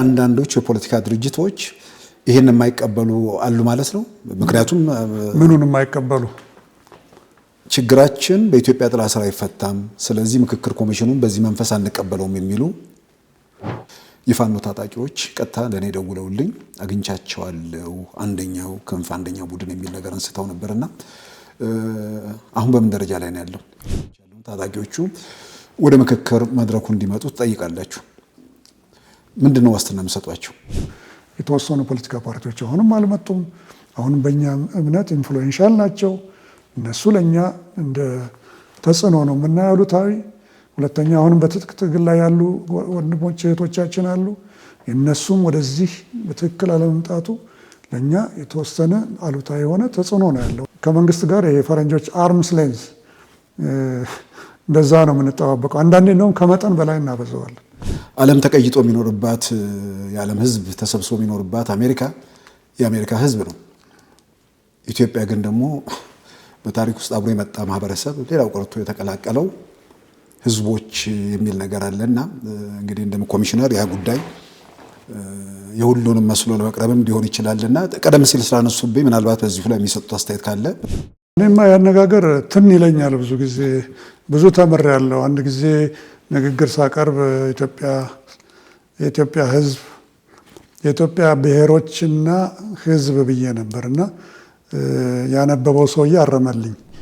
አንዳንዶች የፖለቲካ ድርጅቶች ይህን የማይቀበሉ አሉ ማለት ነው። ምክንያቱም ምኑን የማይቀበሉ ችግራችን በኢትዮጵያ ጥላ ስር አይፈታም፣ ስለዚህ ምክክር ኮሚሽኑን በዚህ መንፈስ አንቀበለውም የሚሉ የፋኖ ታጣቂዎች ቀጥታ ለእኔ ደውለውልኝ አግኝቻቸዋለሁ። አንደኛው ክንፍ አንደኛው ቡድን የሚል ነገር አንስተው ነበርና አሁን በምን ደረጃ ላይ ነው ያለው? ታጣቂዎቹ ወደ ምክክር መድረኩ እንዲመጡ ትጠይቃላችሁ ምንድን ነው ዋስትና የምሰጧቸው? የተወሰኑ ፖለቲካ ፓርቲዎች አሁንም አልመጡም። አሁንም በእኛ እምነት ኢንፍሉዌንሻል ናቸው። እነሱ ለእኛ እንደ ተጽዕኖ ነው የምናየው አሉታዊ። ሁለተኛ አሁንም በትጥቅ ትግል ላይ ያሉ ወንድሞች እህቶቻችን አሉ። እነሱም ወደዚህ በትክክል አለመምጣቱ ለእኛ የተወሰነ አሉታዊ የሆነ ተጽዕኖ ነው ያለው። ከመንግስት ጋር ይሄ ፈረንጆች አርምስ ሌንዝ እንደዛ ነው የምንጠባበቀው። አንዳንዴ እንደውም ከመጠን በላይ እናበዘዋለን። ዓለም ተቀይጦ የሚኖርባት የዓለም ሕዝብ ተሰብስቦ የሚኖርባት አሜሪካ የአሜሪካ ሕዝብ ነው። ኢትዮጵያ ግን ደግሞ በታሪክ ውስጥ አብሮ የመጣ ማህበረሰብ፣ ሌላው ቀርቶ የተቀላቀለው ሕዝቦች የሚል ነገር አለና እንግዲህ እንደም ኮሚሽነር ያ ጉዳይ የሁሉንም መስሎ ለመቅረብም ሊሆን ይችላልና ቀደም ሲል ስላነሱብኝ ምናልባት በዚሁ ላይ የሚሰጡት አስተያየት ካለ እኔማ ያነጋገር ትን ይለኛል። ብዙ ጊዜ ብዙ ተምሬያለሁ። አንድ ጊዜ ንግግር ሳቀርብ ኢትዮጵያ የኢትዮጵያ ህዝብ የኢትዮጵያ ብሔሮችና ህዝብ ብዬ ነበር እና ያነበበው ሰውዬ አረመልኝ።